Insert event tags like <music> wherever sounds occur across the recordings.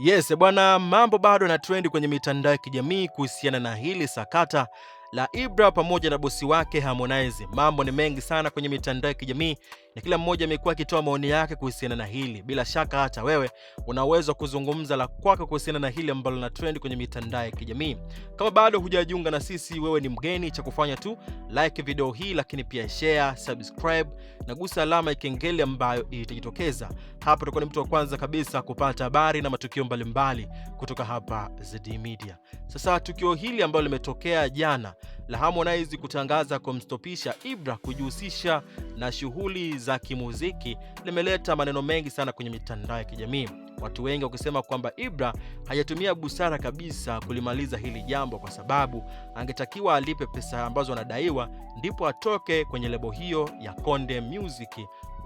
Yes bwana, mambo bado na trend kwenye mitandao ya kijamii kuhusiana na hili sakata la Ibra pamoja na bosi wake Harmonize. Mambo ni mengi sana kwenye mitandao ya kijamii na kila mmoja amekuwa akitoa maoni yake kuhusiana na hili. Bila shaka hata wewe una uwezo wa kuzungumza la kwako kuhusiana na hili ambalo na trend kwenye mitandao ya kijamii. Kama bado hujajiunga na sisi, wewe ni mgeni, cha kufanya tu like video hii, lakini pia share, subscribe na gusa alama ya kengele ambayo itajitokeza hapa. Utakuwa ni mtu wa kwanza kabisa kupata habari na matukio mbalimbali mbali kutoka hapa Zedee Media. Sasa tukio hili ambalo limetokea jana la Harmonize kutangaza kumstopisha Ibra kujihusisha na shughuli za kimuziki limeleta maneno mengi sana kwenye mitandao ya kijamii, watu wengi wakisema kwamba Ibra hajatumia busara kabisa kulimaliza hili jambo, kwa sababu angetakiwa alipe pesa ambazo anadaiwa, ndipo atoke kwenye lebo hiyo ya Konde Music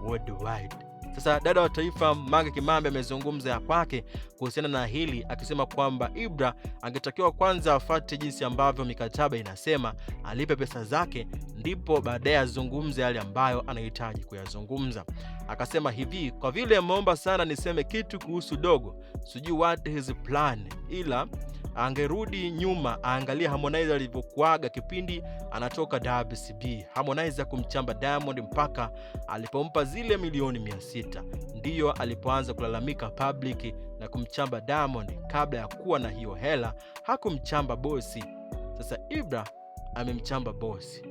Worldwide. Sasa dada wa taifa Mange Kimambe amezungumza ya kwake kuhusiana na hili akisema kwamba Ibra angetakiwa kwanza afate jinsi ambavyo mikataba inasema, alipe pesa zake, ndipo baadaye azungumze yale ambayo anahitaji kuyazungumza. Akasema hivi, kwa vile ameomba sana, niseme kitu kuhusu Dogo, sijui what his plan, ila angerudi nyuma aangalie Harmonize alivyokuaga kipindi anatoka WCB, Harmonize kumchamba Diamond mpaka alipompa zile milioni mia sita. 2006 ndiyo alipoanza kulalamika public na kumchamba Diamond. Kabla ya kuwa na hiyo hela hakumchamba bosi. Sasa Ibra amemchamba bosi.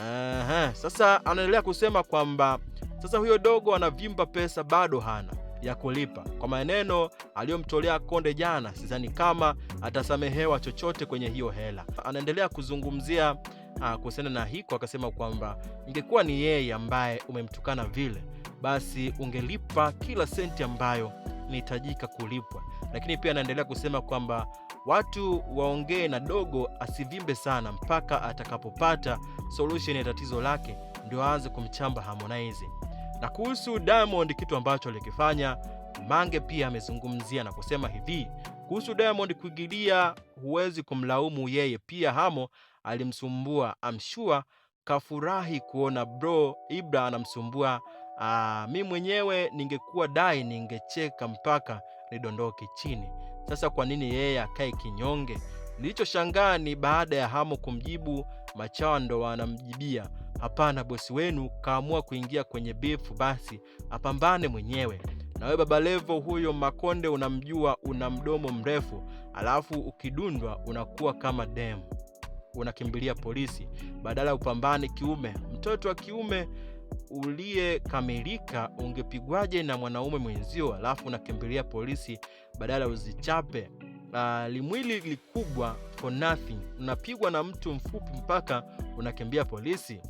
Aha, <laughs> sasa anaendelea kusema kwamba sasa huyo dogo anavimba pesa bado hana ya kulipa. Kwa maneno aliyomtolea Konde jana, sidhani kama atasamehewa chochote kwenye hiyo hela. Anaendelea kuzungumzia ah, kuhusiana na hiko, akasema kwamba ingekuwa ni yeye ambaye umemtukana vile basi ungelipa kila senti ambayo inahitajika kulipwa. Lakini pia anaendelea kusema kwamba watu waongee na dogo asivimbe sana mpaka atakapopata solution ya tatizo lake ndio aanze kumchamba Harmonize. Na kuhusu Diamond, kitu ambacho alikifanya Mange pia amezungumzia na kusema hivi kuhusu Diamond kuingilia, huwezi kumlaumu yeye, pia Hamo alimsumbua amshua, kafurahi kuona bro Ibra anamsumbua aa, ah, mi mwenyewe ningekuwa dai ningecheka mpaka nidondoke chini. Sasa kwa nini yeye akae kinyonge? Nilichoshangaa ni baada ya Hamo kumjibu Machawa ndo wanamjibia, hapana, bosi wenu kaamua kuingia kwenye bifu, basi apambane mwenyewe. Na wewe Baba Levo huyo Makonde unamjua, una mdomo mrefu, alafu ukidundwa unakuwa kama demu, unakimbilia polisi badala ya upambane kiume. Mtoto wa kiume uliyekamilika ungepigwaje na mwanaume mwenzio, alafu unakimbilia polisi badala uzichape. Uh, limwili likubwa for nothing, unapigwa na mtu mfupi mpaka unakimbia polisi.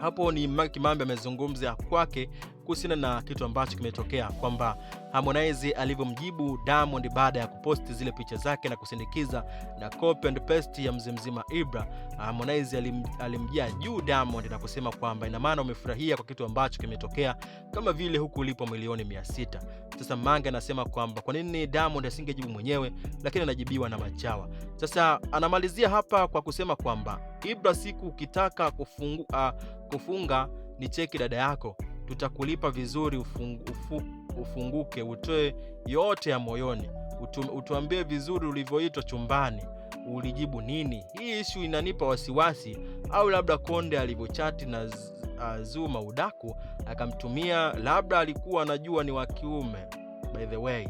Hapo ni Mambe amezungumza kwake kuhusiana na kitu ambacho kimetokea kwamba Harmonize alivyomjibu Diamond baada ya kuposti zile picha zake na kusindikiza na copy and paste ya mzee mzima Ibra. Harmonize alim, alimjia juu Diamond na kusema kwamba ina maana umefurahia kwa kitu ambacho kimetokea kama vile huku ulipo milioni sita. Sasa Mange anasema kwamba kwa nini Diamond asingejibu mwenyewe, lakini anajibiwa na machawa. Sasa anamalizia hapa kwa kusema kwamba Ibra, siku ukitaka kufungu, uh, kufunga ni cheki dada yako tutakulipa vizuri ufungu, ufu, ufunguke utoe yote ya moyoni utu, utuambie vizuri ulivyoitwa chumbani ulijibu nini. Hii ishu inanipa wasiwasi, au labda Konde alivyochati na uh, Zuma udaku akamtumia, labda alikuwa anajua ni wa kiume. By the way,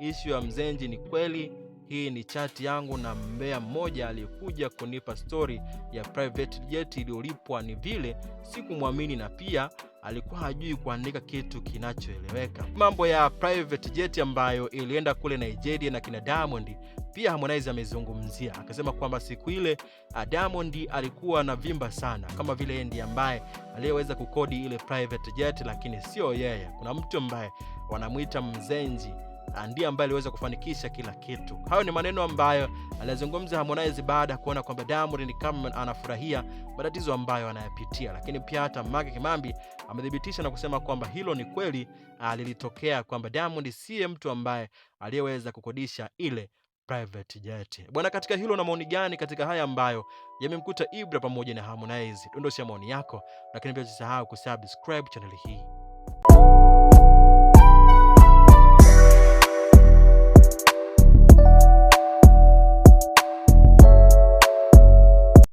ishu ya Mzenji ni kweli hii ni chati yangu na mbea mmoja aliyekuja kunipa stori ya private jet iliyolipwa ni vile sikumwamini, na pia alikuwa hajui kuandika kitu kinachoeleweka. Mambo ya private jet ambayo ilienda kule Nigeria na kina Diamond pia Harmonize amezungumzia akasema kwamba siku ile ah, Diamond alikuwa na vimba sana, kama vile ndiye ambaye aliyeweza kukodi ile private jet, lakini sio yeye. Kuna mtu ambaye wanamwita Mzenji Ah, ndiye ambaye aliweza kufanikisha kila kitu. Hayo ni maneno ambayo alizungumza Harmonize baada ya kuona kwamba Diamond ni kama anafurahia matatizo ambayo anayapitia, lakini pia hata Mange Kimambi amethibitisha na kusema kwamba hilo ni kweli ah, lilitokea, kwamba Diamond siye mtu ambaye aliyeweza kukodisha ile private jet. Bwana, katika hilo na maoni gani katika haya ambayo yamemkuta Ibra pamoja na Harmonize? Dondosha maoni yako, lakini pia usisahau kusubscribe channel hii.